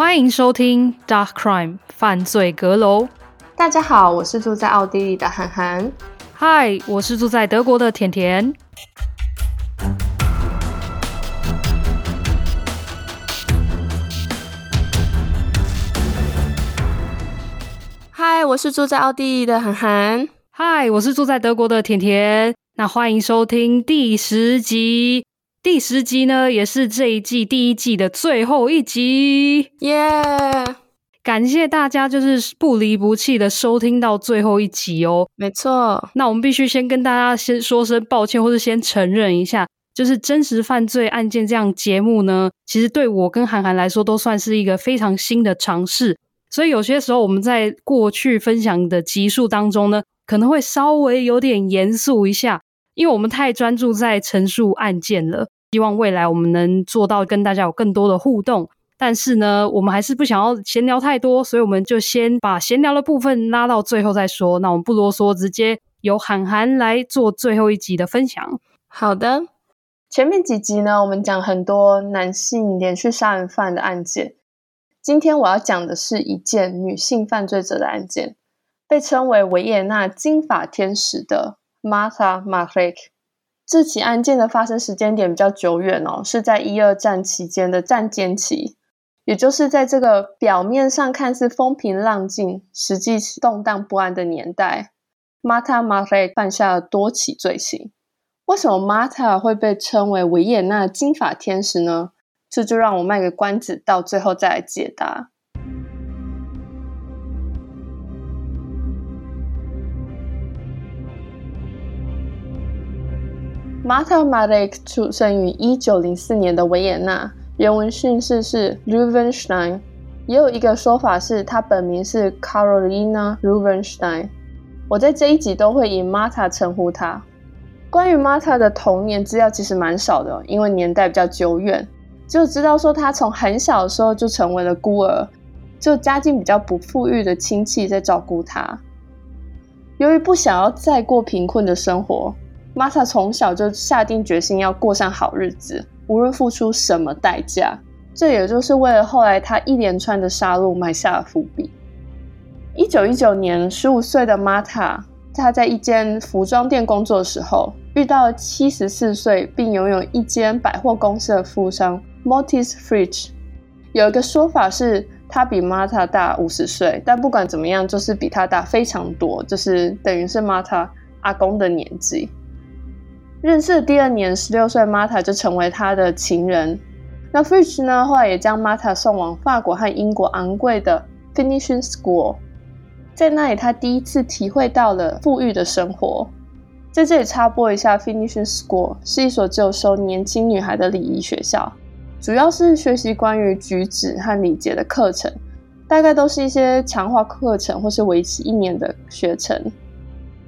歡迎收聽《DACH Crime 犯罪閣樓》。大家好，我是住在奧地利的涵涵。嗨，我是住在德國的甜甜。嗨，我是住在奧地利的涵涵。嗨，我是住在德國的甜甜。那歡迎收聽第十集。第十集呢，也是這一季第一季的最後一集，耶、yeah!！感謝大家就是不離不棄的收聽到最後一集哦。沒錯，那我們必須先跟大家先說聲抱歉，或是先承認一下，就是《真實犯罪案件》這樣節目呢，其實對我跟涵涵來說都算是一個非常新的嘗試，所以有些時候我們在過去分享的集數當中呢，可能會稍微有點嚴肅一下，因為我們太專注在陳述案件了。希望未來我們能做到跟大家有更多的互動，但是呢，我們還是不想要閒聊太多，所以我們就先把閒聊的部分拉到最後再說。那我們不囉嗦，直接由涵涵來做最後一集的分享。好的，前面幾集呢，我們講很多男性連續殺人犯的案件，今天我要講的是一件女性犯罪者的案件，被稱為“維也納金髮天使”的 Martha Marek 這起案件的發生時間點比較久遠哦，是在一二戰期間的戰間期，也就是在這個表面上看似風平浪靜，實際是動盪不安的年代，Martha Marek 犯下了多起罪行。為什麼 Martha 會被稱為維也納的金髮天使呢？這就讓我賣個關子，到最後再來解答。Martha Marek 出生於一九零四年的維也納，原文姓氏是 Löwenstein，也有一個說法是她本名是 Carolina Löwenstein。我在這一集都會以 Martha 稱呼她。關於 Martha 的童年資料其實蠻少的，因為年代比較久遠，就知道說她從很小的時候就成為了孤兒，就家境比較不富裕的親戚在照顧她。由於不想要再過貧困的生活。Marta 從小就下定決心要過上好日子，無論付出什麼代價。這也就是為了後來他一連串的殺戮埋下了伏筆。一九一九年，十五歲的 Marta 他在一間服裝店工作的時候，遇到了七十四歲並擁有一間百貨公司的富商 Mortis Fridge。有一個說法是他比 Marta 大五十歲，但不管怎麼樣，就是比他大非常多，就是等於是 Marta 阿公的年紀。認識的第二年，十六歲的 Marta 就成為他的情人。那 Fritz 呢？後來也將 Marta 送往法國和英國昂貴的 Finishing School，在那裡他第一次體會到了富裕的生活。在這裡插播一下，Finishing School 是一所只有收年輕女孩的禮儀學校，主要是學習關於舉止和禮節的課程，大概都是一些強化課程或是為期一年的學程。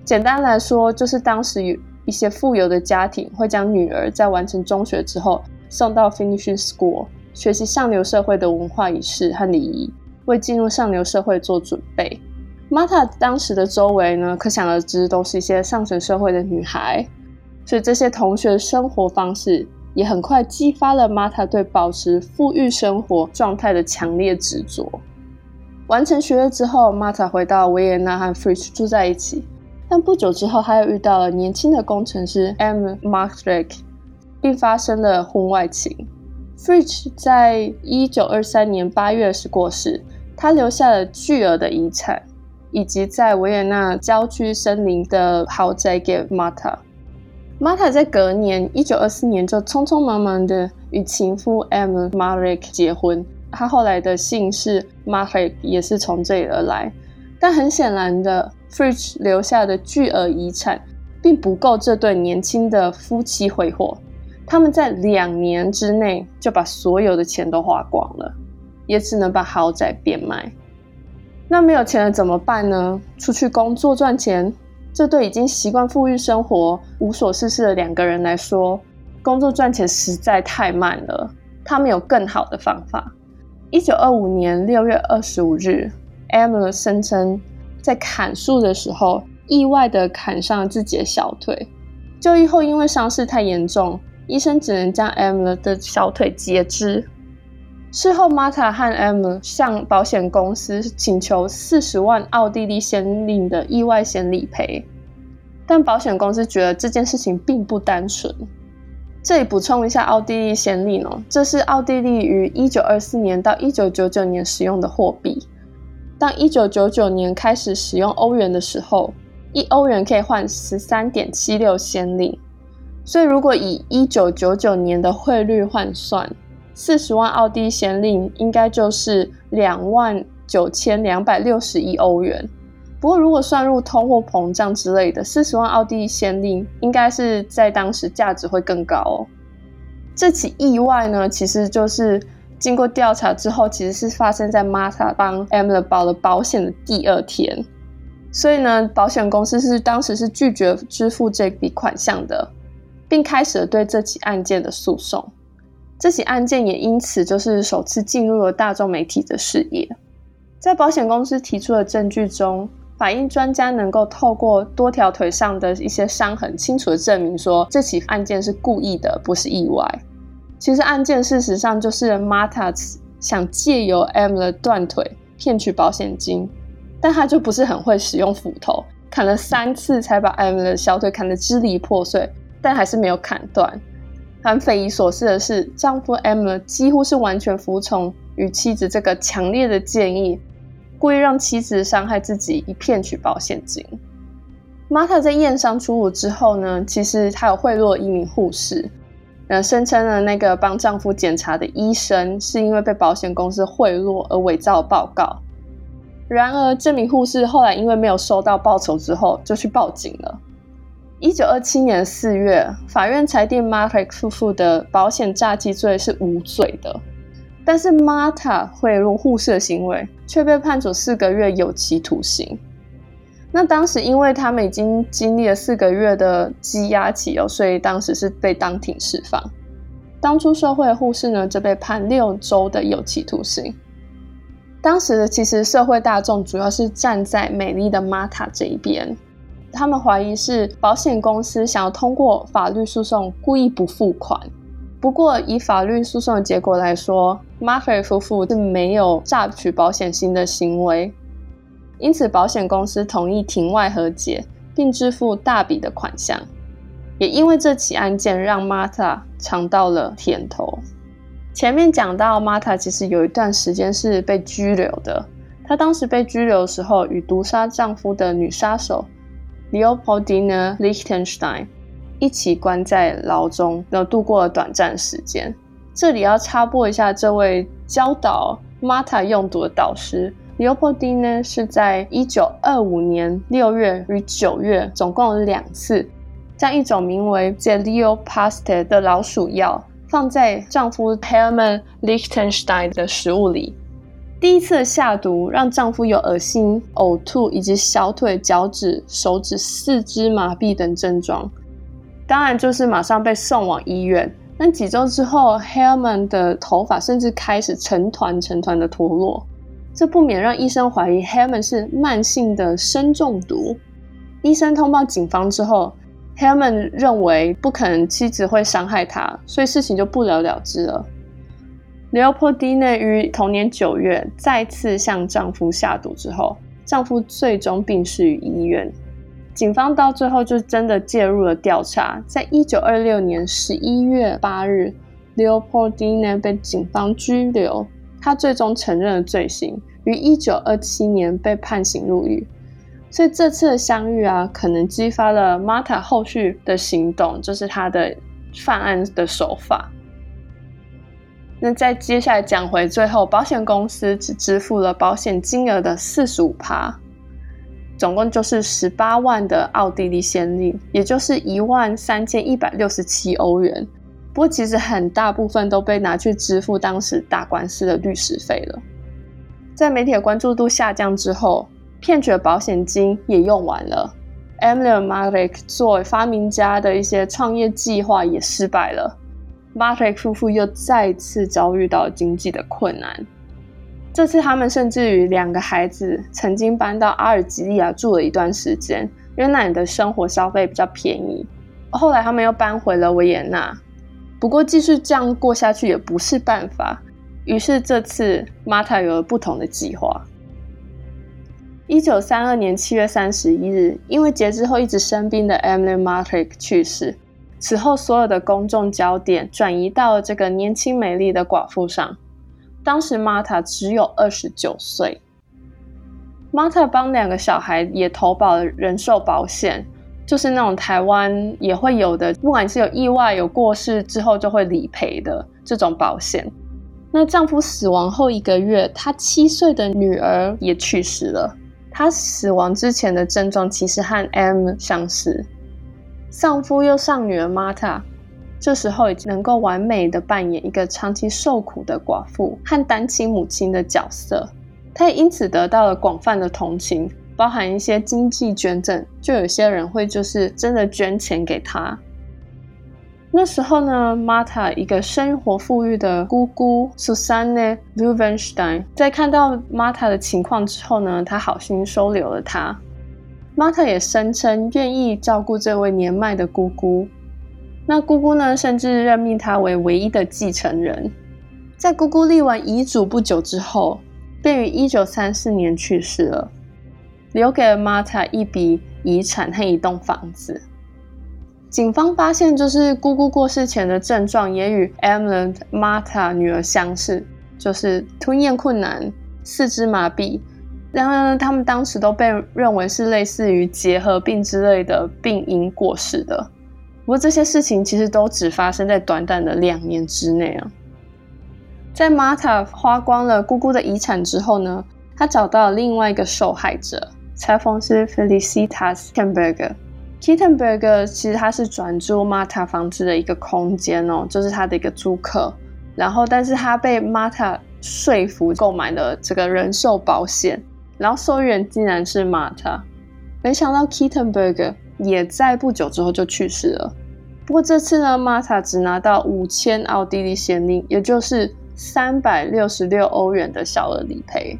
簡單來說，就是當時與。一些富有的家庭會將女兒在完成中學之後送到 finishing school 學習上流社會的文化儀式和禮儀，為進入上流社會做準備。Martha 當時的周圍呢，可想而知都是一些上層社會的女孩，所以這些同學的生活方式也很快激發了 Martha 對保持富裕生活狀態的強烈執着。完成學業之後，Martha 回到維也納和 Fritz 住在一起。但不久之後，他又遇到了年輕的工程師 Emil Marek 並發生了婚外情。Fritsch 在一九二三年八月時過世，他留下了巨額的遺產，以及在維也納郊區森林的豪宅給 Martha。Martha 在隔年一九二四年就匆匆忙忙的與情夫 Emil Marek 結婚，他後來的姓氏 Marek 也是從這裡而來。但很顯然的。Fridge 留下的巨額遺產，並不夠這對年輕的夫妻揮霍。他們在兩年之內就把所有的錢都花光了，也只能把豪宅變賣。那沒有錢了怎麼辦呢？出去工作賺錢。這對已經習慣富裕生活、無所事事的兩個人來說，工作賺錢實在太慢了。他們有更好的方法。一九二五年六月二十五日，Emil 聲稱。在砍樹的時候，意外地砍傷了自己的小腿。就醫後，因為傷勢太嚴重，醫生只能將 M 的小腿截肢。事後，Martha 和 M 向保險公司請求四十萬奧地利先令的意外險理賠，但保險公司覺得這件事情並不單純。這裡補充一下奧地利先令哦，這是奧地利於一九二四年到一九九九年使用的貨幣。當一九九九年開始使用歐元的時候，一歐元可以換十三點七六先令，所以如果以一九九九年的匯率換算，四十萬奧地先令應該就是兩萬九千兩百六十一歐元。不過如果算入通貨膨脹之類的，四十萬奧地先令應該是在當時價值會更高哦。這起意外呢，其實就是。經過調查之後，其實是發生在 MASA 幫 m a 幫 Amber 保了保險的第二天，所以呢，保險公司是當時是拒絕支付這筆款項的，並開始了對這起案件的訴訟。這起案件也因此就是首次進入了大眾媒體的視野。在保險公司提出的證據中，法醫專家能夠透過多條腿上的一些傷痕，清楚地證明說，這起案件是故意的，不是意外。其實案件事實上就是 Martha 想借由 Emil 的斷腿騙取保險金，但她就不是很會使用斧頭，砍了三次才把 Emil 的小腿砍得支離破碎，但還是沒有砍斷。很匪夷所思的是，丈夫 Emil 幾乎是完全服從與妻子這個強烈的建議，故意讓妻子傷害自己以騙取保險金。Martha 在驗傷出獄之後呢，其實她有賄賂一名護士。呃，聲稱了那個幫丈夫檢查的醫生是因為被保險公司賄賂而偽造報告。然而，這名護士後來因為沒有收到報酬之後就去報警了。一九二七年四月，法院裁定 Marek 夫婦的保險詐欺罪是無罪的，但是瑪塔賄賂護士的行為卻被判處四個月有期徒刑。那當時，因為他們已經經歷了四個月的羈押期哦，所以當時是被當庭釋放。當初社會護士呢，就被判六週的有期徒刑。當時其實社會大眾主要是站在美麗的瑪塔這一邊，他們懷疑是保險公司想要通過法律訴訟故意不付款。不過以法律訴訟的結果來說，瑪菲夫婦是沒有詐取保險金的行為。因此，保險公司同意庭外和解，並支付大筆的款項。也因為這起案件，讓 Martha 嚐到了甜頭。前面講到 Martha 其實有一段時間是被拘留的。她當時被拘留的時候，與毒殺丈夫的女殺手 Leopoldina Liechtenstein 一起關在牢中，然後度過了短暫時間。這裡要插播一下，這位教導 Martha 用毒的導師。Leopoldine 呢，是在一九二五年六月與九月，總共有兩次，將一種名為 Zelio Paste 的老鼠藥放在丈夫 Hermann Liechtenstein 的食物裡。第一次的下毒，讓丈夫有惡心、嘔吐以及小腿、腳趾、手指、四肢麻痹等症狀，當然就是馬上被送往醫院。但幾周之後，Hermann 的頭髮甚至開始成團成團的脫落。這不免讓醫生懷疑 Hammond 是慢性的砷中毒。醫生通報警方之後 ，Hammond 認為不可能妻子會傷害他，所以事情就不了了之了。Leopoldina 於同年九月再次向丈夫下毒之後，丈夫最終病逝於醫院。警方到最後就真的介入了調查。在一九二六年十一月八日，Leopoldina 被警方拘留。他最終承認了罪行，於一九二七年被判刑入獄。所以這次的相遇啊，可能激發了瑪塔後續的行動，就是他的犯案的手法。那再接下來講回最後，保險公司只支付了保險金額的四十五%，總共就是十八萬的奧地利先令，也就是一萬三千一百六十七歐元。不過，其實很大部分都被拿去支付當時打官司的律師費了。在媒體的關注度下降之後，騙取的保險金也用完了。Emil Marek 做發明家的一些創業計劃也失敗了。Marek 夫婦又再次遭遇到了經濟的困難。這次，他們甚至於兩個孩子曾經搬到阿爾及利亞住了一段時間，因為那裡的生活消費比較便宜。後來，他們又搬回了維也納。不過，繼續這樣過下去也不是辦法。於是，這次瑪塔有了不同的計劃。一九三二年七月三十一日，因為截肢之後一直生病的 Emil Marek 去世，此後所有的公眾焦點轉移到了這個年輕美麗的寡婦上。當時，瑪塔只有二十九歲。瑪塔幫兩個小孩也投保了人壽保險。就是那種台灣也會有的，不管是有意外、有過世之後就會理賠的這種保險。那丈夫死亡後一個月，她七歲的女兒也去世了。她死亡之前的症狀其實和 M 相似，喪夫又喪女兒，Martha 這時候已經能夠完美的扮演一個長期受苦的寡婦和單親母親的角色，她也因此得到了廣泛的同情。包含一些經濟捐贈，就有些人會就是真的捐錢給他。那時候呢，Martha，一個生活富裕的姑姑，Susanne Lewenstein，在看到 Martha 的情況之後呢，他好心收留了他。Martha 也聲稱願意照顧這位年邁的姑姑。那姑姑呢，甚至任命他為唯一的繼承人。在姑姑立完遺囑不久之後，便於一九三四年去世了。留給了 Martha 一筆遺產和一棟房子。警方發現，就是姑姑過世前的症狀也與、Emmanuel、Martha 女兒相似，就是吞咽困難、四肢麻痹。然而呢，他們當時都被認為是類似於結核病之類的病因過世的。不過這些事情其實都只發生在短短的兩年之內啊。在 Martha 花光了姑姑的遺產之後呢，他找到了另外一個受害者。裁縫師是 Felicitas Kittenberger。Kittenberger 其實他是轉租 Marta 房子的一個空間哦，就是他的一個租客。然後，但是他被 Marta 說服購買了這個人壽保險，然後受益人竟然是 Marta。沒想到 Kittenberger 也在不久之後就去世了。不過這次呢 Marta 只拿到五千奧地利先令，也就是三百六十六歐元的小額理賠。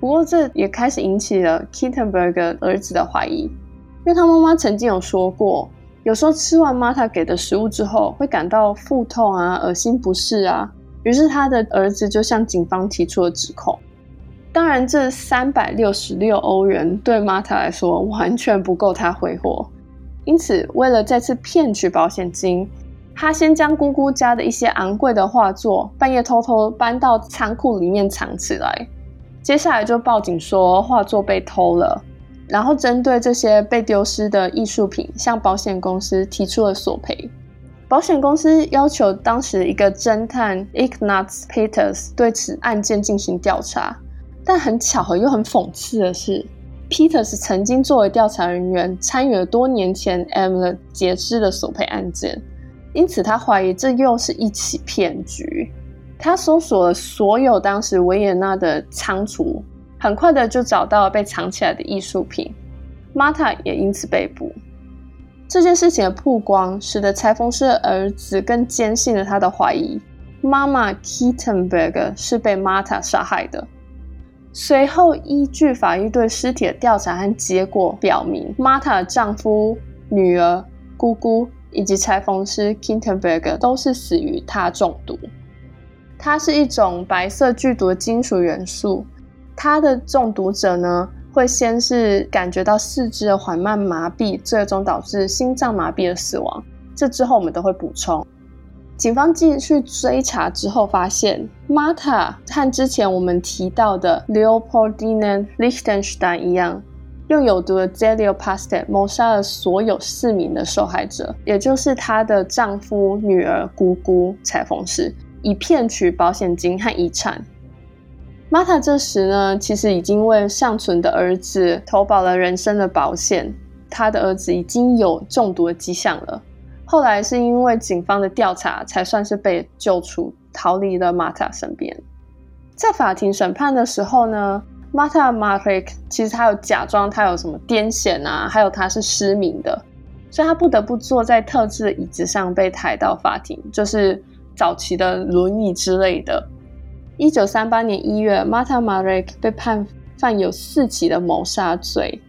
不過，這也開始引起了 Kittenberger 兒子的懷疑，因為他媽媽曾經有說過，有時候吃完 Martha 給的食物之後會感到腹痛啊、噁心不適啊。於是他的兒子就向警方提出了指控。當然，這三百六十六歐元對 Martha 來說完全不夠他揮霍，因此為了再次騙取保險金，他先將姑姑家的一些昂貴的畫作半夜偷偷偷搬到倉庫裡面藏起來。接下來就報警說，畫作被偷了，然後針對這些被丟失的藝術品，向保險公司提出了索賠。保險公司要求當時一個偵探 Ignatz Peters 對此案件進行調查，但很巧合，啊、又很諷刺的是，Peters 曾經作為調查人員參與了多年前 Emil 截肢的索賠案件，因此他懷疑這又是一起騙局。他搜索了所有當時維也納的倉儲，很快的就找到了被藏起來的藝術品。Martha 也因此被捕。這件事情的曝光，使得裁縫師的兒子更堅信了他的懷疑：媽媽 Kittenberger 是被 Martha 殺害的。隨後，依據法醫對屍體的調查和結果表明 Martha 的丈夫、女兒、姑姑以及裁縫師 Kittenberger 都是死於他中毒。它是一種白色劇毒的金屬元素，它的中毒者呢會先是感覺到四肢的緩慢麻痹，最終導致心臟麻痹的死亡。這之後我們都會補充。警方繼續追查之後，發現瑪塔和之前我們提到的 Leopoldine Lichtenstein 一樣，用有毒的 Zelio Paste 謀殺了所有四名的受害者，也就是她的丈夫、女兒、姑姑、裁縫師。以騙取保險金和遺產。瑪塔這時呢，其實已經為尚存的兒子投保了人身的保險。他的兒子已經有中毒的跡象了。後來是因為警方的調查，才算是被救出，逃離了瑪塔身邊。在法庭審判的時候呢，瑪塔馬瑞克其實他有假裝他有什麼癲癇啊，還有他是失明的，所以他不得不坐在特制的椅子上被抬到法庭，就是。早期的輪椅之類的。一九三八年一月，Martha Marek 被判犯有四起的謀殺罪，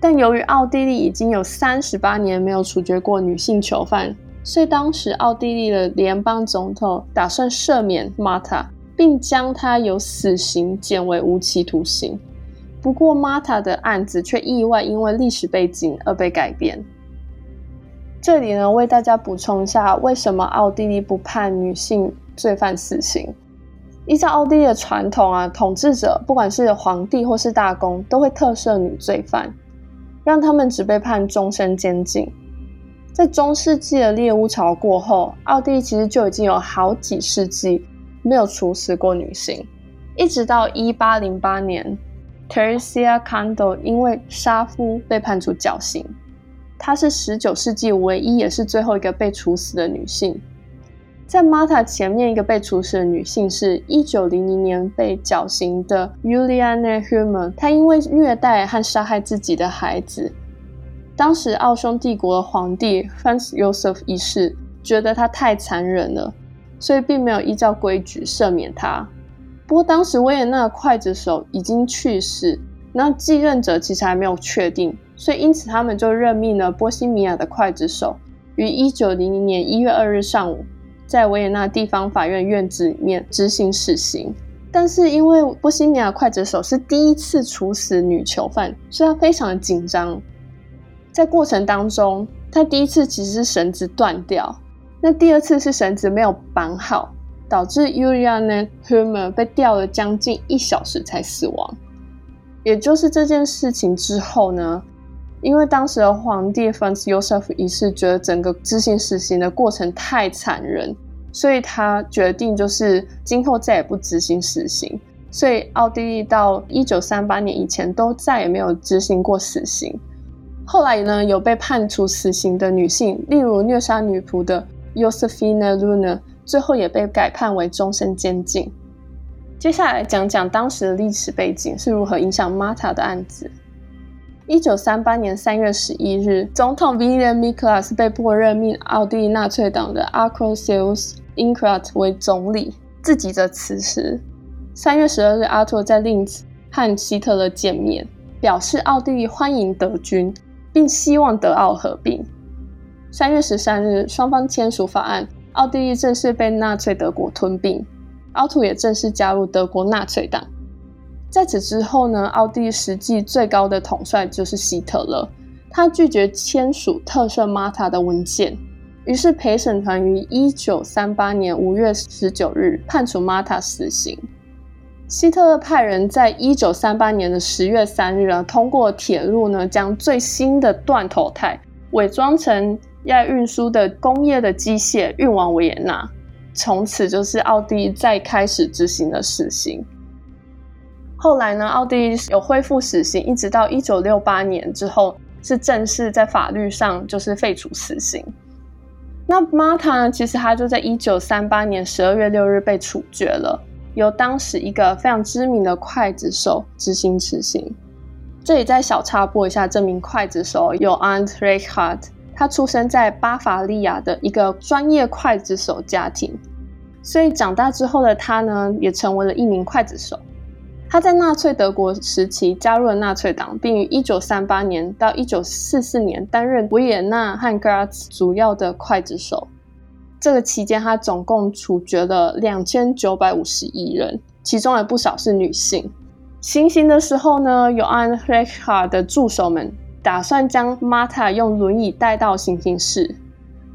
但由於奧地利已經有三十八年沒有處決過女性囚犯，所以當時奧地利的聯邦總統打算赦免 Martha，並將她由死刑減為無期徒刑。不過，Martha 的案子卻意外因為歷史背景而被改變。這裡呢，為大家補充一下，為什麼奧地利不判女性罪犯死刑？依照奧地利的傳統啊，統治者不管是皇帝或是大公，都會特赦女罪犯，讓他們只被判終身監禁。在中世紀的獵巫潮過後，奧地利其實就已經有好幾世紀沒有處死過女性，一直到一八零八年，Teresa Kando 因為殺夫被判處絞刑。她是19世紀唯一也是最後一個被處死的女性。在 Marta 前面，一個被處死的女性是一九零零年被絞刑的 Juliane Humer，她因為虐待和殺害自己的孩子。當時奧匈帝國的皇帝 Franz Josef 一世覺得她太殘忍了，所以並沒有依照規矩赦免她。不過當時維也納劊子手已經去世，那繼任者其實還沒有確定。所以，因此他們就任命了波西米亞的劊子手，於一九零零年一月二日上午，在維也納地方法院院子裡面執行死刑。但是，因為波西米亞的劊子手是第一次處死女囚犯，所以他非常的緊張。在過程當中，他第一次其實是繩子斷掉，那第二次是繩子沒有綁好，導致 Juliane Hummer 被吊了將近一小時才死亡。也就是這件事情之後呢，因為當時的皇帝 Franz Josef 一世覺得整個執行死刑的過程太殘忍，所以他決定就是今後再也不執行死刑。所以奧地利到一九三八年以前都再也沒有執行過死刑。後來呢，有被判處死刑的女性，例如虐殺女僕的 Josephine Luna，最後也被改判為終身監禁。接下來講講當時的歷史背景是如何影響 Martha 的案子。一九三八年三月十一日，總統威廉·米克拉斯被迫任命奧地利納粹黨的阿庫爾斯·因克爾為總理，自己的辭職。三月十二日，阿托在林茨和希特勒見面，表示奧地利歡迎德軍，並希望德奧合併。三月十三日，雙方簽署法案，奧地利正式被納粹德國吞併，阿圖也正式加入德國納粹黨。在此之後呢，奧地利實際最高的統帥就是希特勒，他拒絕簽署特赦馬塔的文件，於是陪審團於一九三八年五月十九日判處馬塔死刑。希特勒派人在一九三八年的十月三日呢，通過鐵路呢，將最新的斷頭台偽裝成要運輸的工業的機械運往維也納，從此就是奧地利再開始執行的死刑。後來呢，奧地利有恢復死刑，一直到一九六八年之後，是正式在法律上就是廢除死刑。那瑪塔呢，其實她就在一九三八年十二月六日被處決了，由當時一個非常知名的劊子手執行死刑。這裡再小插播一下，這名劊子手有 Ant Reichhardt，他出生在巴伐利亞的一個專業劊子手家庭，所以長大之後的他呢，也成為了一名劊子手。他在納粹德國時期加入了納粹黨，並於一九三八年到一九四四年擔任維也納和格拉茨主要的劊子手。這個期間，他總共處決了兩千九百五十一人，其中有不少是女性。行刑的時候呢，尤安 ·Reichard 的助手們打算將 Martha 用輪椅帶到行刑室，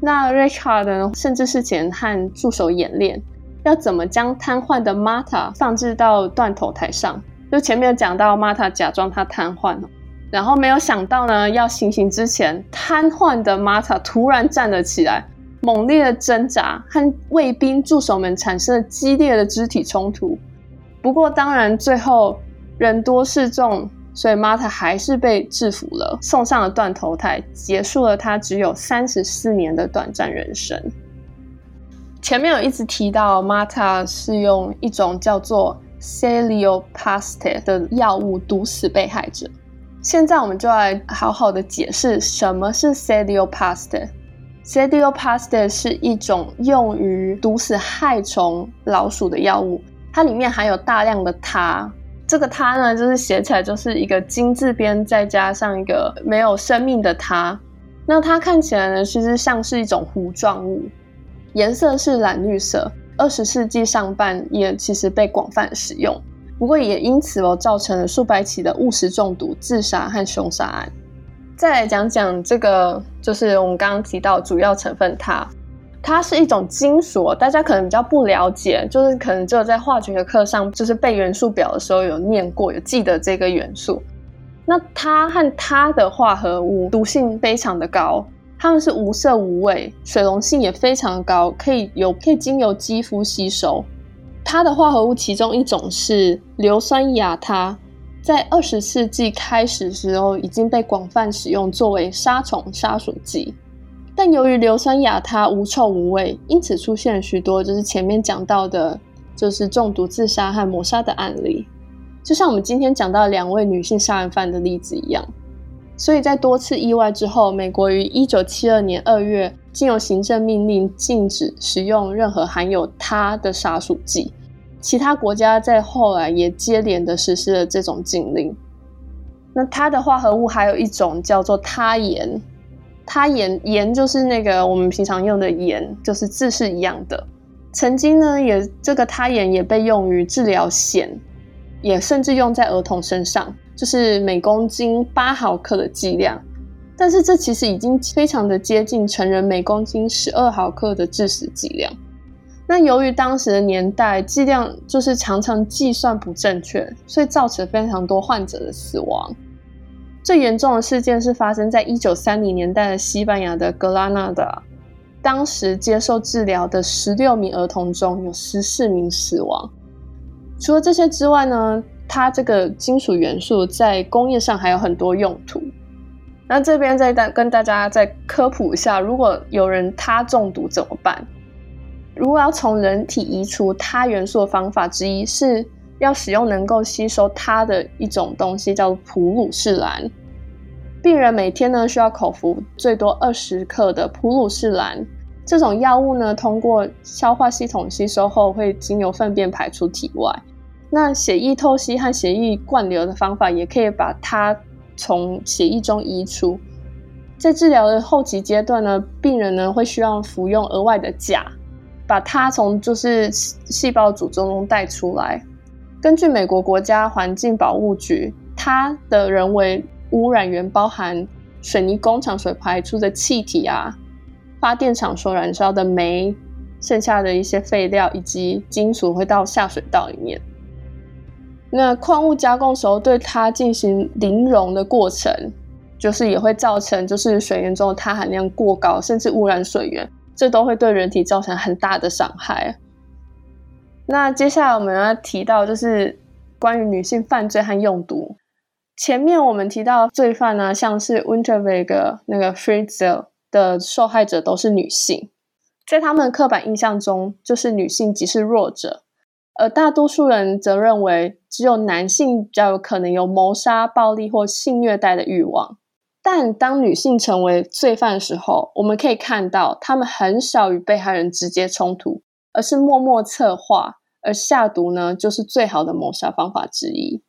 那 Reichard 甚至是前和助手演練。要怎麼將癱瘓的瑪塔放置到斷頭臺上？就前面講到，瑪塔假裝她癱瘓了，然後沒有想到呢，要行刑之前，癱瘓的瑪塔突然站了起來，猛烈的掙扎，和衛兵助手們產生了激烈的肢體衝突。不過當然，最後人多勢眾，所以瑪塔還是被制服了，送上了斷頭臺，結束了她只有三十四年的短暫人生。前面有一直提到 Marta 是用一種叫做 Zelio Paste 的藥物毒死被害者。現在我們就來好好的解釋什麼是 Zelio Paste。Zelio Paste 是一種用於毒死害蟲、老鼠的藥物，它裡面含有大量的它。這個它呢，就是寫起來就是一個金字邊，再加上一個沒有生命的它。那它看起來呢，其實像是一種糊狀物。顏色是藍綠色，二十世紀上半葉其實被廣泛使用，不過也因此哦，造成了數百起的誤食中毒、自殺和凶殺案。再來講講這個，就是我們剛剛提到主要成分它，它是一種金屬，大家可能比較不了解，就是可能只有在化學的課上，就是背元素表的時候有唸過，有記得這個元素。那它和它的化合物毒性非常的高。它們是無色無味，水溶性也非常高，可以有可以經由肌膚吸收。它的化合物其中一種是硫酸亞鉈。在二十世紀開始的時候已經被廣泛使用作為殺蟲殺鼠劑，但由於硫酸亞鉈無臭無味，因此出現了許多就是前面講到的，就是中毒自殺和謀殺的案例，就像我們今天講到兩位女性殺人犯的例子一樣。所以在多次意外之後，美國於一九七二年二月，竟有行政命令禁止使用任何含有鉈的殺鼠劑。其他國家在後來也接連的實施了這種禁令。那鉈的化合物還有一種叫做鉈鹽，鉈鹽鹽就是那個我們平常用的鹽，就是字是一樣的。曾經呢，也這個鉈鹽也被用於治療癬，也甚至用在兒童身上。就是每公斤八毫克的劑量，但是這其實已經非常的接近成人每公斤十二毫克的致死劑量。那由於當時的年代，劑量就是常常計算不正確，所以造成了非常多患者的死亡。最嚴重的事件是發生在一九三零年代的西班牙的格拉納達，當時接受治療的十六名兒童中有十四名死亡。除了這些之外呢，它這個金屬元素在工業上還有很多用途。那這邊再大跟大家再科普一下，如果有人鉈中毒怎麼辦？如果要從人體移除鉈元素的方法之一，是要使用能夠吸收鉈的一種東西，叫普魯士藍。病人每天呢需要口服最多二十克的普魯士藍。這種藥物呢通過消化系統吸收後，會經由糞便排出體外。那血液透析和血液灌流的方法也可以把它從血液中移除。在治療的後期階段呢，病人呢會需要服用額外的鉀，把它從就是細胞組織中帶出來。根據美國國家環境保護局，它的人為污染源包含水泥工廠所排出的氣體啊，發電廠所燃燒的煤，剩下的一些廢料以及金屬會到下水道裡面。那礦物加工時候，對它進行淋溶的過程，就是也會造成就是水源中的碳含量過高，甚至污染水源，這都會對人體造成很大的傷害。那接下來我們要提到就是關於女性犯罪和用毒。前面我們提到罪犯呢、啊，像是 Winter Vega 那個 Fritzl 的受害者都是女性，在他們的刻板印象中，就是女性即是弱者。而大多數人則認為，只有男性比較有可能有謀殺、暴力或性虐待的慾望。但當女性成為罪犯的時候，我們可以看到，他們很少與被害人直接衝突，而是默默策劃。而下毒呢，就是最好的謀殺方法之一。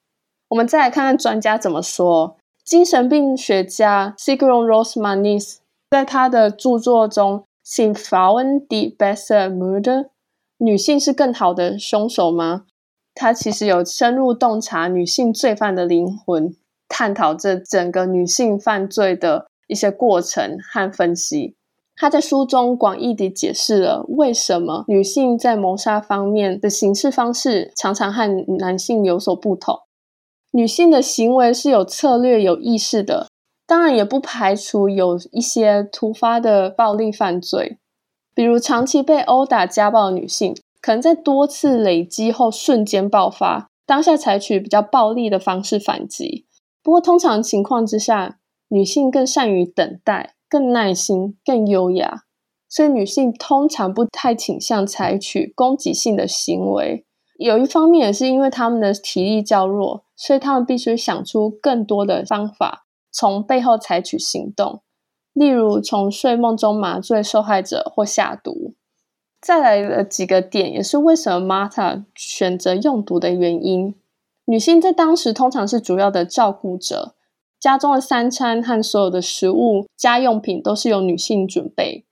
我們再來看看專家怎麼說。精神病學家 Sigrun Rossmanith 在他的著作中，《Sind Frauen die besseren Mörder》女性是更好的凶手嗎？她其實有深入洞察女性罪犯的靈魂，探討這整個女性犯罪的一些過程和分析。她在書中廣義地解釋了為什麼女性在謀殺方面的行事方式常常和男性有所不同。女性的行為是有策略、有意識的，當然也不排除有一些突發的暴力犯罪。比如，長期被毆打、家暴的女性，可能在多次累積後瞬間爆發，當下採取比較暴力的方式反擊。不過，通常情況之下，女性更善於等待，更耐心，更優雅，所以女性通常不太傾向採取攻擊性的行為。有一方面也是因為她們的體力較弱，所以她們必須想出更多的方法，從背後採取行動。例如，從睡夢中麻醉受害者或下毒，再來的幾個點也是為什麼 Martha 選擇用毒的原因。女性在當時通常是主要的照顧者，家中的三餐和所有的食物、家用品都是由女性準備，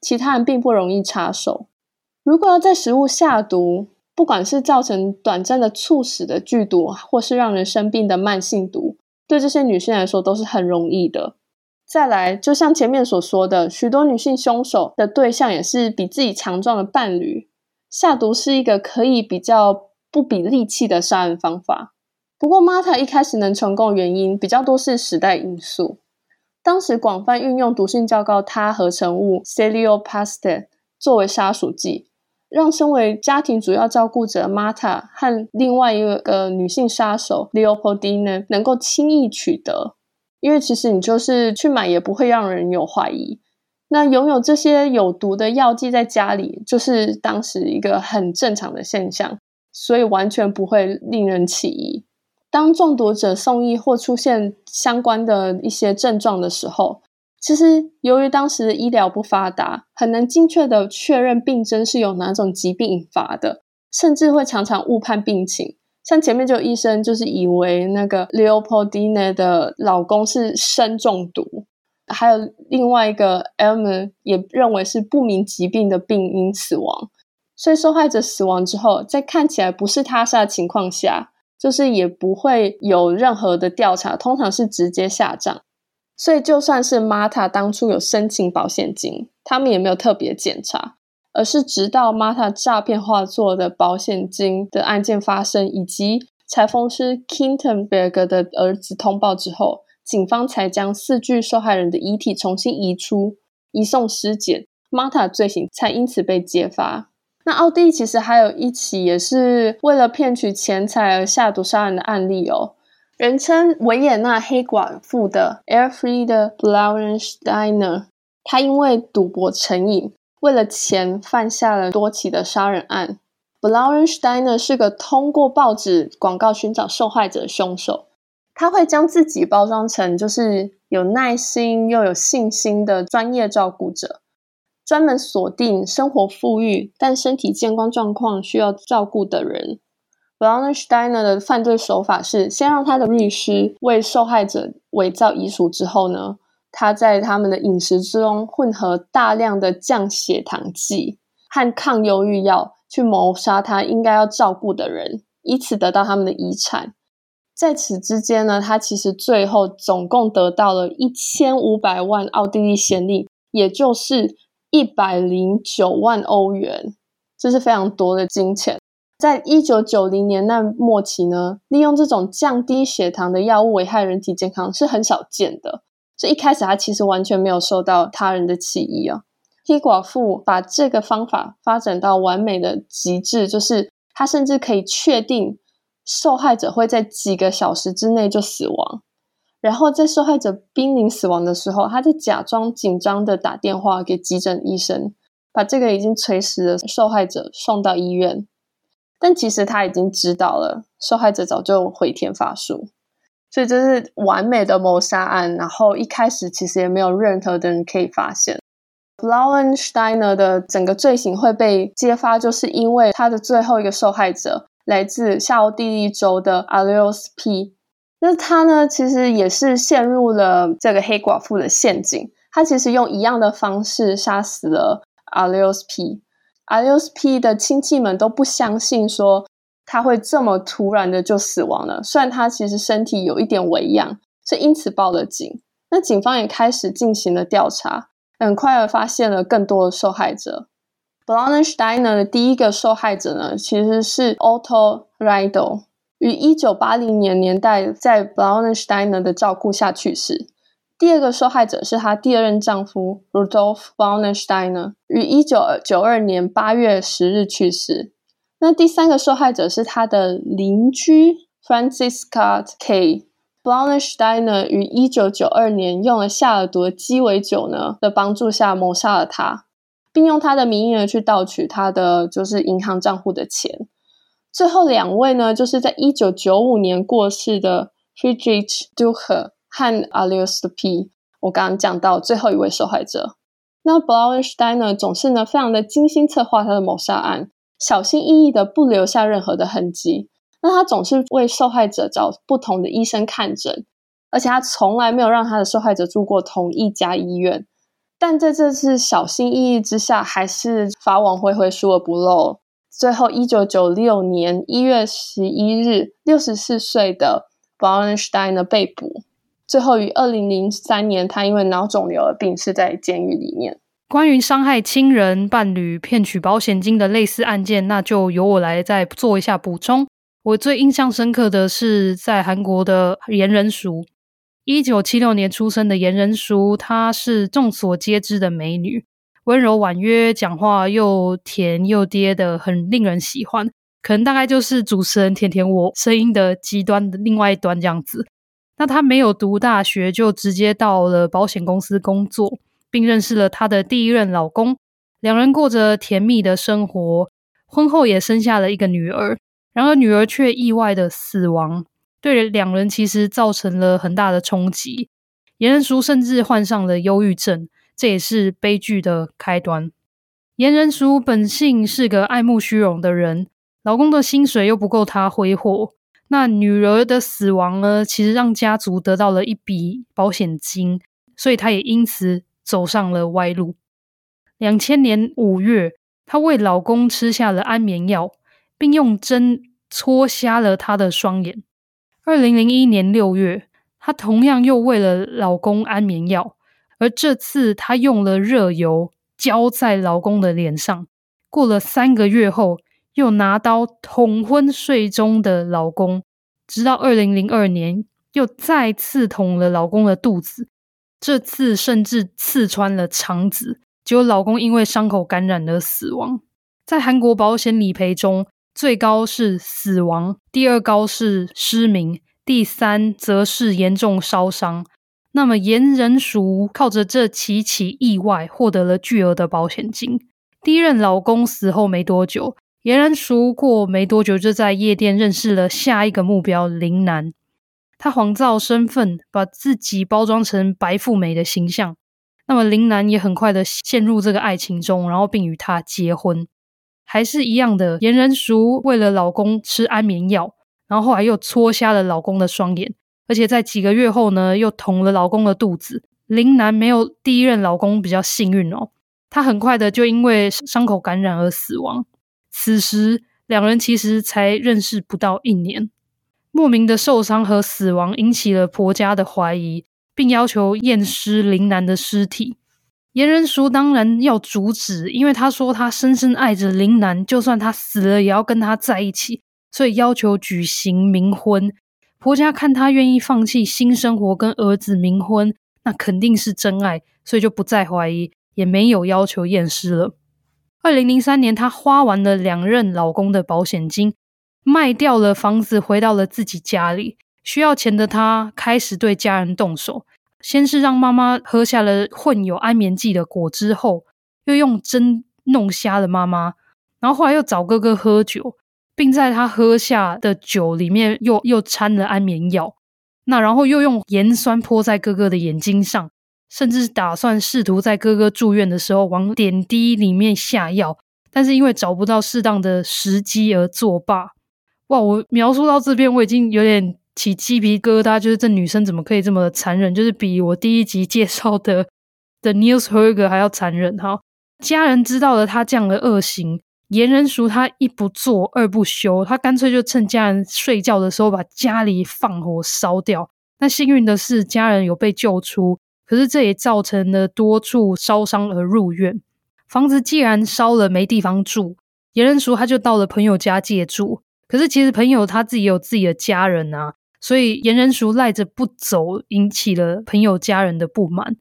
其他人並不容易插手。如果要在食物下毒，不管是造成短暫的猝死的劇毒，或是讓人生病的慢性毒，對這些女性來說都是很容易的。再來，就像前面所說的，許多女性兇手的對象也是比自己強壯的伴侶。下毒是一個可以比較不比力氣的殺人方法。不過 Martha 一開始能成功的原因比較多是時代因素。當時廣泛運用毒性較高、鉈合成物 Zelio Paste 作為殺鼠劑，讓身為家庭主要照顧者 Martha 和另外一個女性殺手 Leopoldina 能夠輕易取得。因為其實你就是去買，也不會讓人有懷疑。那擁有這些有毒的藥劑在家裡，就是當時一個很正常的現象，所以完全不會令人起疑。當中毒者送醫或出現相關的一些症狀的時候，其實由於當時的醫療不發達，很難精確的確認病症是由哪種疾病引發的，甚至會常常誤判病情。像前面就有醫生就是以為那個 Leopoldine 的老公是砷中毒，還有另外一個 Elmer 也認為是不明疾病的病因死亡，所以受害者死亡之後，在看起來不是他殺的情況下，就是也不會有任何的調查，通常是直接下葬，所以就算是 Marta 當初有申請保險金，他們也沒有特別檢查。而是直到 Martha 詐騙畫作的保險金的案件發生，以及裁縫師 Kintenberg 的兒子通報之後，警方才將四具受害人的遺體重新移出、移送屍檢，Martha 罪行才因此被揭發。那奧地利其實還有一起也是為了騙取錢財而下毒殺人的案例哦，人稱維也納黑寡婦的 Elfriede Blauensteiner，他因為賭博成癮，為了錢，犯下了多起的殺人案。Blauensteiner 是個通過報紙廣告尋找受害者的兇手。他會將自己包裝成就是有耐心又有信心的專業照顧者，專門鎖定生活富裕但身體健康狀況需要照顧的人。Blauensteiner 的犯罪手法是先讓他的律師為受害者偽造遺囑，之後呢，他在他們的飲食之中混合大量的降血糖劑和抗憂鬱藥，去謀殺他應該要照顧的人，以此得到他們的遺產。在此之間呢，他其實最後總共得到了一千五百萬奧地利先令，也就是一百零九萬歐元，這是非常多的金錢。在一九九零年代末期呢，利用這種降低血糖的藥物危害人體健康是很少見的。所以一開始他其實完全沒有受到他人的起疑啊。黑寡婦把這個方法發展到完美的極致，就是他甚至可以確定受害者會在幾個小時之內就死亡。然後在受害者瀕臨死亡的時候，他就假裝緊張的打電話給急診醫生，把這個已經垂死的受害者送到醫院，但其實他已經知道了受害者早就回天乏術。所以這是完美的謀殺案，然後一開始其實也沒有任何的人可以發現。Blauensteiner 的整個罪行會被揭發，就是因為他的最後一個受害者來自下歐地利州的 Alois P。那他呢，其實也是陷入了這個黑寡婦的陷阱，他其實用一樣的方式殺死了 Alois P。Alois P 的親戚們都不相信說。他會這麼突然的就死亡了，雖然他其實身體有一點微恙，是因此報了警。那警方也開始進行了調查，很快的發現了更多的受害者。Brownish Steiner 的第一個受害者呢，其實是 Otto Riedel，於一九八零年年代在 Brownish Steiner 的照顧下去世。第二個受害者是她第二任丈夫 Rudolf Brownish Steiner 於一九九二年八月十日去世。那第三個受害者是他的鄰居 Francisca K. Blaunsteiner 於一九九二年，用了夏爾朵雞尾酒呢的幫助下謀殺了他，並用他的名義呢去盜取他的就是銀行賬戶的錢。最後兩位呢，就是在一九九五年過世的 Friedrich Duke 和 Alius P。我剛剛講到最後一位受害者，那 Blaunsteiner 總是呢，非常的精心策劃他的謀殺案。小心翼翼的，不留下任何的痕跡。那他總是為受害者找不同的醫生看診，而且他從來沒有讓他的受害者住過同一家醫院。但在這次小心翼翼之下，還是法網恢恢，疏而不漏。最後，一九九六年一月十一日，六十四歲的 Bernstein 被捕。最後於二零零三年，他因為腦腫瘤而病逝在監獄裡面。關於傷害親人、伴侶、騙取保險金的類似案件，那就由我來再做一下補充。我最印象深刻的是在韓國的嚴仁淑，一九七六年出生的嚴仁淑，她是眾所皆知的美女，溫柔婉約，講話又甜又嗲的，很令人喜歡。可能大概就是主持人甜甜我聲音的極端的另外一端這樣子。那她沒有讀大學，就直接到了保險公司工作。並認識了她的第一任老公，兩人過着甜蜜的生活，婚後也生下了一個女兒。然而女兒卻意外的死亡，對兩人其實造成了很大的衝擊。嚴仁淑甚至患上了憂鬱症，這也是悲劇的開端。嚴仁淑本性是個愛慕虛榮的人，老公的薪水又不夠她揮霍。那女兒的死亡呢，其實讓家族得到了一筆保險金，所以她也因此走上了歪路。兩千年五月，她餵老公吃下了安眠藥，並用針戳瞎了他的雙眼。二零零一年六月，她同樣又餵了老公安眠藥，而這次她用了熱油澆在老公的臉上。過了三個月後，又拿刀捅昏睡中的老公，直到二零零二年，又再次捅了老公的肚子。這次甚至刺穿了腸子，結果老公因為傷口感染而死亡。在韓國保險理賠中，最高是死亡，第二高是失明，第三則是嚴重燒傷。那麼嚴仁淑靠着這幾起意外獲得了巨額的保險金。第一任老公死後沒多久，嚴仁淑過沒多久就在夜店認識了下一個目標林南。他謊造身份，把自己包裝成白富美的形象。那麼林楠，也很快的陷入這個愛情中，然後並與他結婚，還是一樣的。顏人淑為了老公吃安眠藥，然後後來又戳瞎了老公的雙眼，而且在幾個月後呢，又捅了老公的肚子。林楠沒有第一任老公比較幸運哦，他很快的就因為傷口感染而死亡。此時兩人其實才認識不到一年。莫名的受傷和死亡引起了婆家的懷疑，並要求驗屍林楠的屍體。嚴仁淑當然要阻止，因為她說她深深愛着林楠，就算他死了也要跟他在一起，所以要求舉行冥婚。婆家看她願意放棄新生活跟兒子冥婚，那肯定是真愛，所以就不再懷疑，也沒有要求驗屍了。二零零三年，她花完了兩任老公的保險金。賣掉了房子，回到了自己家裡。需要錢的他開始對家人動手，先是讓媽媽喝下了混有安眠劑的果汁，後又用針弄瞎了媽媽。然後後來又找哥哥喝酒，並在他喝下的酒裡面又又摻了安眠藥。那然後又用鹽酸潑在哥哥的眼睛上，甚至打算試圖在哥哥住院的時候往點滴裡面下藥，但是因為找不到適當的時機而作罷。哇！我描述到這邊，我已經有點起雞皮疙瘩。就是這女生怎麼可以這麼殘忍？就是比我第一集介紹的的尼爾斯·赫格爾還要殘忍哈！家人知道了她這樣的惡行，嚴人叔她一不做二不休，她乾脆就趁家人睡覺的時候把家裡放火燒掉。那幸運的是，家人有被救出，可是這也造成了多處燒傷而入院。房子既然燒了，沒地方住，嚴人叔她就到了朋友家借住。可是，其實朋友他自己有自己的家人啊，所以嚴仁淑賴着不走，引起了朋友家人的不滿。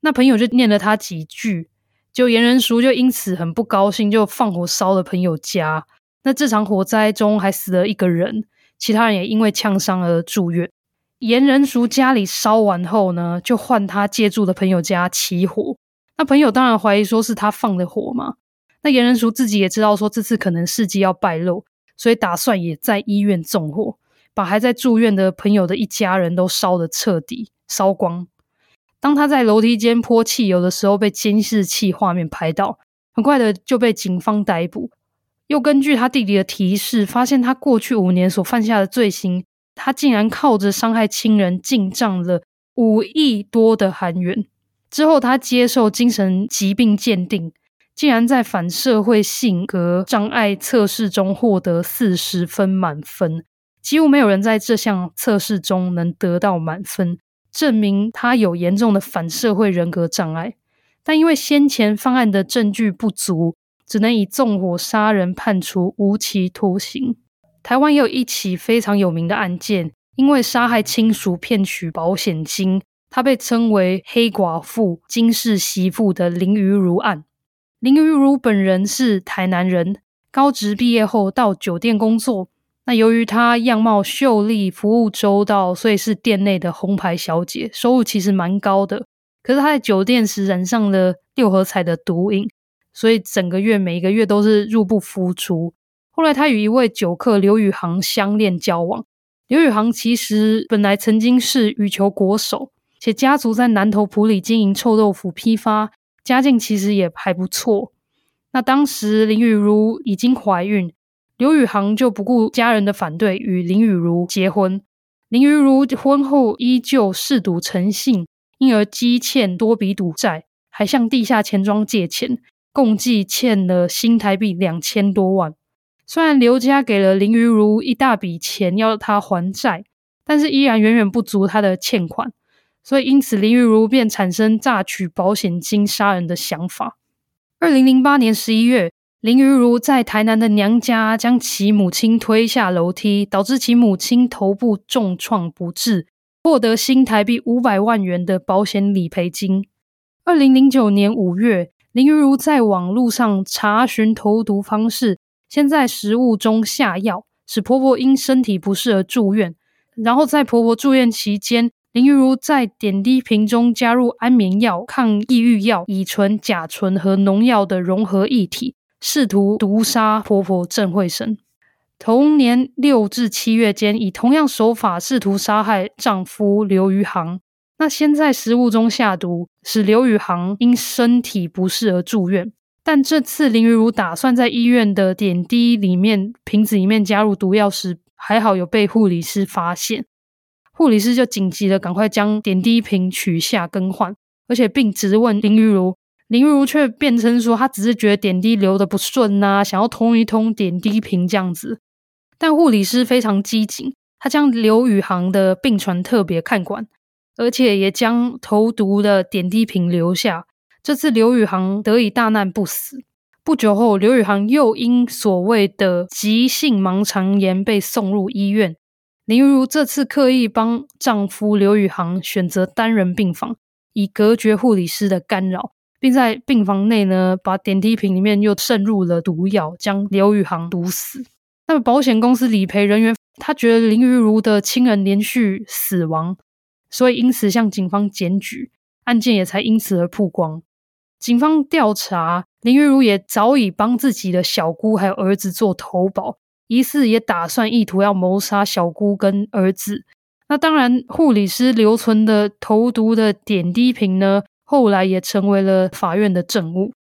那朋友就念了他幾句，就嚴仁淑就因此很不高興，就放火燒了朋友家。那這場火災中還死了一個人，其他人也因為嗆傷而住院。嚴仁淑家裡燒完後呢，就換他借住的朋友家起火。那朋友當然懷疑說是他放的火嘛。那嚴仁淑自己也知道說這次可能事蹟要敗露。所以打算也在醫院縱火，把還在住院的朋友的一家人都燒得徹底燒光。當他在樓梯間潑汽油的時候，被監視器畫面拍到，很快的就被警方逮捕。又根據他弟弟的提示，發現他過去五年所犯下的罪行，他竟然靠着傷害親人進賬了五億多的韓元。之後他接受精神疾病鑑定。竟然在反社會性格障礙測試中獲得四十分滿分，幾乎沒有人在這項測試中能得到滿分，證明他有嚴重的反社會人格障礙。但因為先前犯案的證據不足，只能以縱火殺人判處無期徒刑。台灣有一起非常有名的案件，因為殺害親屬騙取保險金，他被稱為“黑寡婦”、“金氏媳婦”的林於如案。林玉如本人是台南人，高職畢業後到酒店工作。那由於她樣貌秀麗、服務周到，所以是店內的紅牌小姐，收入其實蠻高的。可是她在酒店時染上了六合彩的毒癮，所以整個月每一個月都是入不敷出。後來她與一位酒客劉宇航相戀交往。劉宇航其實本來曾經是羽球國手，且家族在南投埔里經營臭豆腐批發。家境其實也還不錯。那當時林雨如已經懷孕，劉宇航就不顧家人的反對與林雨如結婚。林雨如婚後依舊嗜賭成性，因而積欠多筆賭債，還向地下錢莊借錢，共計欠了新台幣兩千多萬。雖然劉家給了林雨如一大筆錢要她還債，但是依然遠遠不足她的欠款。所以，因此林於如便產生詐取保險金殺人的想法。二零零八年十一月，林於如在台南的娘家將其母親推下樓梯，導致其母親頭部重創不治，獲得新臺幣五百萬元的保險理賠金。二零零九年五月，林於如在網絡上查詢投毒方式，先在食物中下藥，使婆婆因身體不適而住院，然後在婆婆住院期間。林於如在點滴瓶中加入安眠藥、抗抑鬱藥、藥、乙醇、甲醇和農藥的融合液體，試圖毒殺婆婆鄭惠生。同年六至七月間，以同樣手法試圖殺害丈夫劉宇航。那先在食物中下毒，使劉宇航因身體不適而住院。但這次林於如打算在醫院的點滴裡面瓶子裡面加入毒藥時，還好有被護理師發現。護理師就緊急的趕快將點滴瓶取下更換，而且並質問林玉如，林玉如卻辯稱說他只是覺得點滴流的不順啊，想要通一通點滴瓶這樣子。但護理師非常機警，他將劉宇航的病床特別看管，而且也將投毒的點滴瓶留下。這次劉宇航得以大難不死。不久後，劉宇航又因所謂的急性盲腸炎被送入醫院。林玉如，這次刻意幫丈夫劉宇航選擇單人病房，以隔絕護理師的干擾，並在病房內呢，把點滴瓶裡面又滲入了毒藥，將劉宇航毒死。那麼，保險公司理賠人員他覺得林玉如的親人連續死亡，所以因此向警方檢舉，案件也才因此而曝光。警方調查，林玉如也早已幫自己的小姑還有兒子做投保。疑似也打算意圖要謀殺小姑跟兒子，那當然，護理師留存的投毒的點滴瓶呢，後來也成為了法院的證物。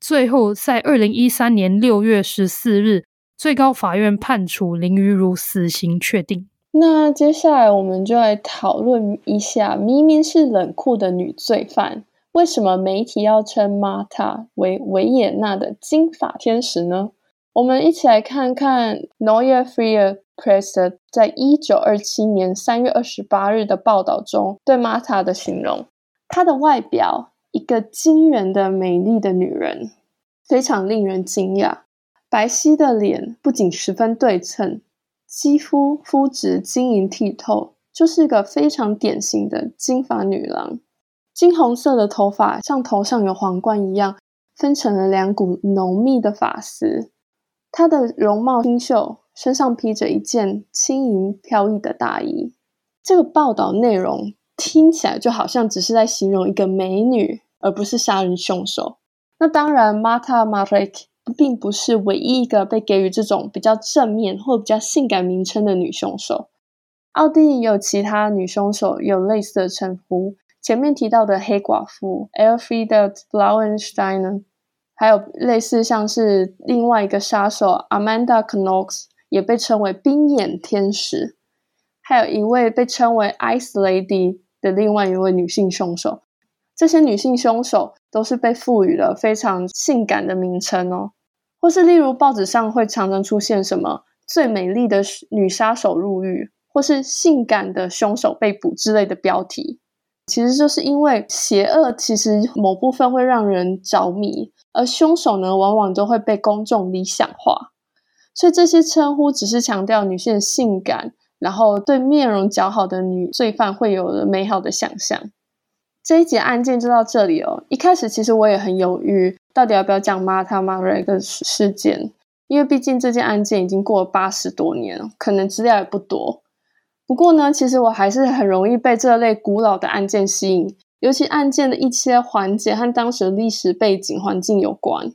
最後，在二零一三年六月十四日，最高法院判處林於如死刑確定。那接下來我們就來討論一下，明明是冷酷的女罪犯，為什麼媒體要稱瑪塔為維也納的金髮天使呢？我們一起來看看《New York Free Press》在一九二七年三月二十八日的報道中對瑪塔的形容：她的外表，一個驚人的美麗的女人，非常令人驚訝。白皙的臉不僅十分對稱，肌膚膚質晶瑩剔，剔透，就是一個非常典型的金髮女郎。金紅色的頭髮像頭上有皇冠一樣，分成了兩股濃密的髮絲。她的容貌清秀，身上披着一件輕盈飄逸的大衣。這個報道內容聽起來就好像只是在形容一個美女，而不是殺人兇手。那當然，Martha Marek 並不是唯一一個被給予這種比較正面或比較性感名稱的女凶手。奧地利也有其他女凶手有類似的稱呼。前面提到的黑寡婦 Elfriede Blauensteiner。 還有類似像是另外一個殺手 Amanda Knox，也被稱為冰眼天使，還有一位被稱為 Ice Lady 的另外一位女性兇手。這些女性兇手都是被賦予了非常性感的名稱哦，或是例如報紙上會常常出現什麼“最美麗的女殺手入獄”，或是“性感的兇手被捕”之類的標題，其實就是因為邪惡其實某部分會讓人着迷。而兇手呢，往往都會被公眾理想化，所以這些稱呼只是強調女性的性感，然後對面容姣好的女罪犯會有了美好的想象。這一集案件就到這裡哦。一開始其實我也很猶豫，到底要不要講 Martha Marek 的個事件，因為畢竟這件案件已經過了八十多年，可能資料也不多。不過呢，其實我還是很容易被這類古老的案件吸引。尤其案件的一些環節和當時的歷史背景環境有關。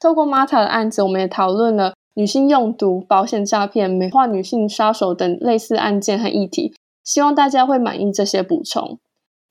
透過瑪塔的案子，我們也討論了女性用毒、保險詐騙、美化女性殺手等類似案件和議題。希望大家會滿意這些補充。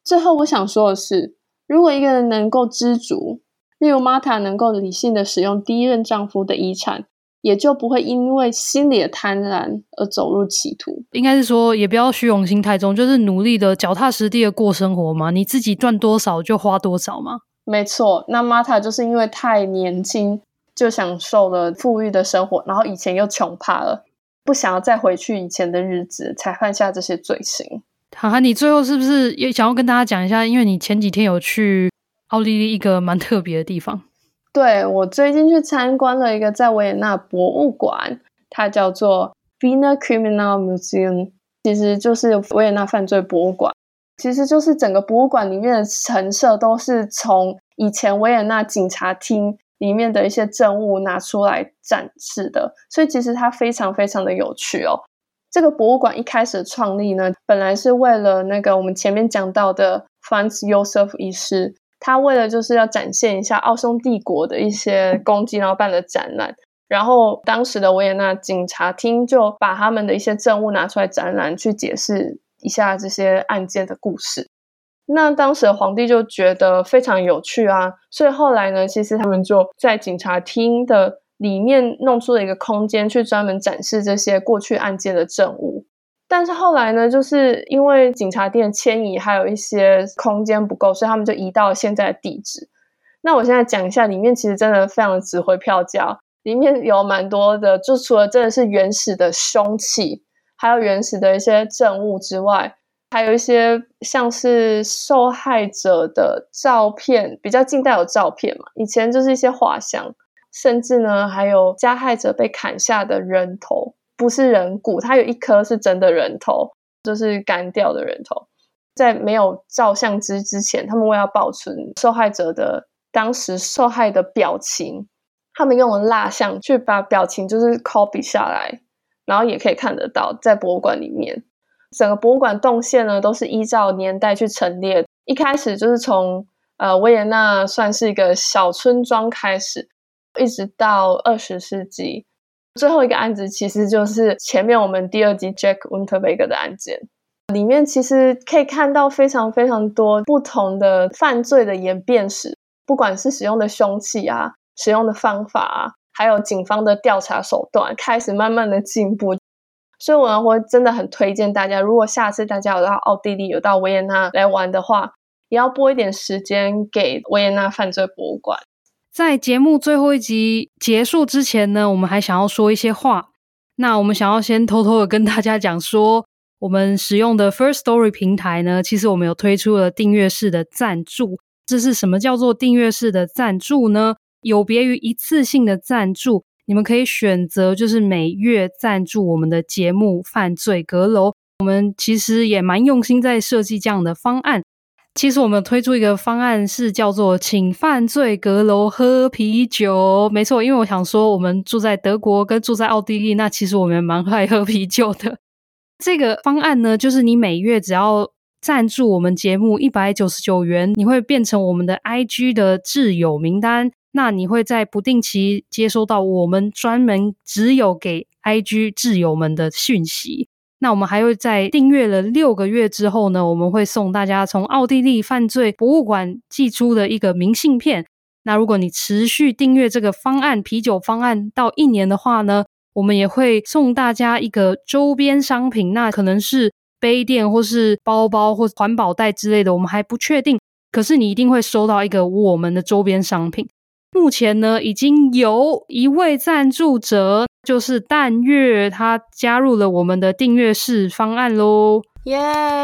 最後，我想說的是，如果一個人能夠知足，例如瑪塔能夠理性地使用第一任丈夫的遺產。也就不會因為心裡的貪婪而走入歧途。應該是說，也不要虛榮心太重，就是努力的腳踏實地的過生活嘛。你自己賺多少就花多少嘛。沒錯，那 Martha 就是因為太年輕，就享受了富裕的生活，然後以前又窮怕了，不想要再回去以前的日子，才犯下這些罪行。好、啊，你最後是不是也想要跟大家講一下？因為你前幾天有去奧地利一個蠻特別的地方。對，我最近去參觀了一個在維也納博物館，它叫做 Vienna Criminal Museum，其實就是維也納犯罪博物館。其實就是整個博物館裡面的陳設都是從以前維也納警察廳裡面的一些證物拿出來展示的，所以其實它非常非常的有趣哦。這個博物館一開始創立呢，本來是為了那個我們前面講到的 Franz Josef 一世。他為了就是要展現一下奧匈帝國的一些功績然後辦的展覽，然後當時的維也納警察廳就把他們的一些證物拿出來展覽，去解釋一下這些案件的故事。那當時的皇帝就覺得非常有趣啊，所以後來呢，其實他們就在警察廳的裡面弄出了一個空間，去專門展示這些過去案件的證物。但是後來呢，就是因為警察店遷移，還有一些空間不夠，所以他們就移到了現在的地址。那我現在講一下，裡面其實真的非常值回票價，裡面有蠻多的，就除了真的是原始的兇器，還有原始的一些證物之外，還有一些像是受害者的照片，比較近代有照片嘛，以前就是一些畫像，甚至呢還有加害者被砍下的人頭。不是人骨，它有一顆是真的人頭，就是乾掉的人頭。在沒有照相機之前，他們為了保存受害者的當時受害的表情，他們用了蠟像去把表情就是 copy 下來，然後也可以看得到，在博物館裡面。整個博物館動線呢，都是依照年代去陳列的，一開始就是從呃維也納算是一個小村莊開始，一直到二十世紀。最後一個案子其實就是前面我們第二集 Jack Unterweger 的案件，裡面其實可以看到非常非常多不同的犯罪的演變史，不管是使用的凶器啊，使用的方法啊，還有警方的調查手段開始慢慢的進步。所以我會真的很推薦大家，如果下次大家有到奧地利，有到維也納來玩的話，也要撥一點時間給維也納犯罪博物館。在節目最後一集結束之前呢，我們還想要說一些話。那我們想要先偷偷的跟大家講說，我們使用的 Firstory 平台呢，其實我們有推出了訂閱式的贊助。這是什麼叫做訂閱式的贊助呢？有別於一次性的贊助，你們可以選擇就是每月贊助我們的節目《犯罪閣樓》。我們其實也蠻用心在設計這樣的方案。其實我們推出一個方案是叫做“請犯罪閣樓喝啤酒”。沒錯，因為我想說，我們住在德國跟住在奧地利，那其實我們蠻愛喝啤酒的。這個方案呢，就是你每月只要贊助我們節目一百九十九元，你會變成我們的 IG 的摯友名單。那你會在不定期接收到我們專門只有給 IG 摯友們的訊息。那我們還會在訂閱了六個月之後呢，我們會送大家從奧地利犯罪博物館寄出的一個明信片。那如果你持續訂閱這個方案、啤酒方案到一年的話呢，我們也會送大家一個周邊商品，那可能是杯墊，或是包包、或環保袋之類的，我們還不確定。可是你一定會收到一個我們的周邊商品。目前呢，已經有一位贊助者，就是淡月，他加入了我們的訂閱式方案嘍，耶！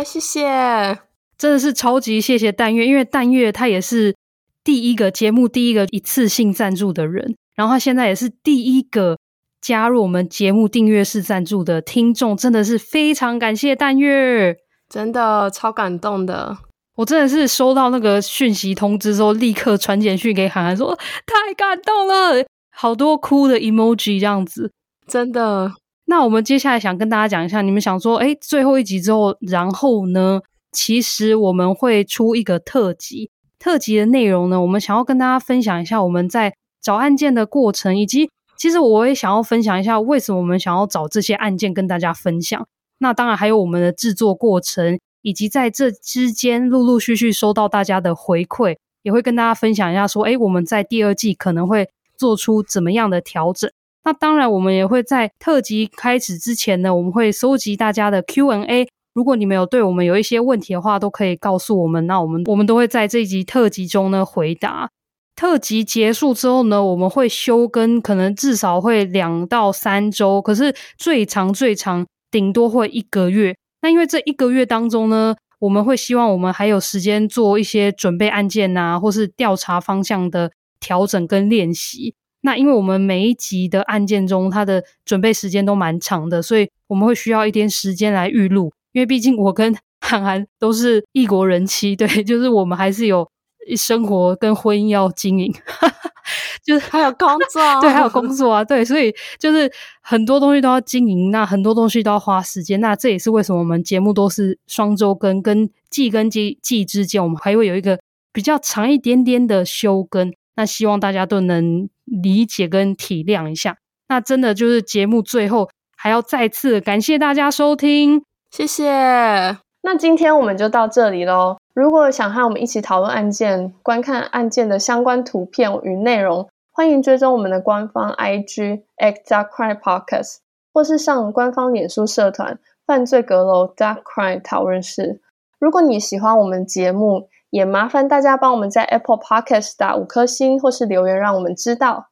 謝謝，真的是超級謝謝淡月，因為淡月他也是第一個節目第一個一次性贊助的人，然後他現在也是第一個加入我們節目訂閱式贊助的聽眾，真的是非常感謝淡月，真的超感動的，我真的是收到那個訊息通知之後，立刻傳簡訊給涵涵說，太感動了。好多哭的 emoji 這樣子，真的。那我們接下來想跟大家講一下，你們想說，哎、欸，最後一集之後，然後呢，其實我們會出一個特輯，特輯的內容呢，我們想要跟大家分享一下我們在找案件的過程，以及其實我也想要分享一下為什麼我們想要找這些案件跟大家分享。那當然還有我們的制作過程，以及在這之間陸陸續續收到大家的回饋，也會跟大家分享一下說，哎、欸，我們在第二季可能會。做出怎麼樣的調整？那當然，我們也會在特輯開始之前呢，我們會收集大家的 Q&A。如果你們有對我們有一些問題的話，都可以告訴我們。那我們我們都會在這一集特輯中呢回答。特輯結束之後呢，我們會休更，可能至少會兩到三週，可是最長最長頂多會一個月。那因為這一個月當中呢，我們會希望我們還有時間做一些準備案件啊，或是調查方向的調整跟練習，那因為我們每一集的案件中，它的準備時間都蠻長的，所以我們會需要一點時間來預錄。因為畢竟我跟韓韓都是異國人妻，對，就是我們還是有生活跟婚姻要經營， 就是還有工作， 對，還有工作啊，對，所以就是很多東西都要經營，啊，那很多東西都要花時間。那這也是為什麼我們節目都是雙周更，跟季跟季季之間，我們還會有一個比較長一點點的休更。那希望大家都能理解跟體諒一下。那真的就是節目最後還要再次感謝大家收聽，謝謝。那今天我們就到這裡嘍。如果想和我們一起討論案件、觀看案件的相關圖片與內容，歡迎追蹤我們的官方 IG d a r k c r y p o c k s t s 或是上官方臉書社團“犯罪閣樓 Dark Cry 討論室。” 如果你喜歡我們節目，也麻煩大家幫我們在 Apple Podcast 打五顆星，或是留言讓我們知道。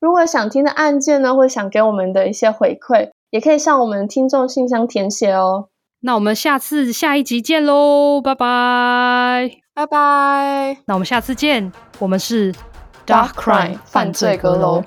如果想聽的案件呢，或想給我們的一些回饋，也可以向我們聽眾信箱填寫哦。那我們下次下一集見嘍，拜拜拜拜，那我們下次見，我們是 DACH Crime 犯罪閣樓。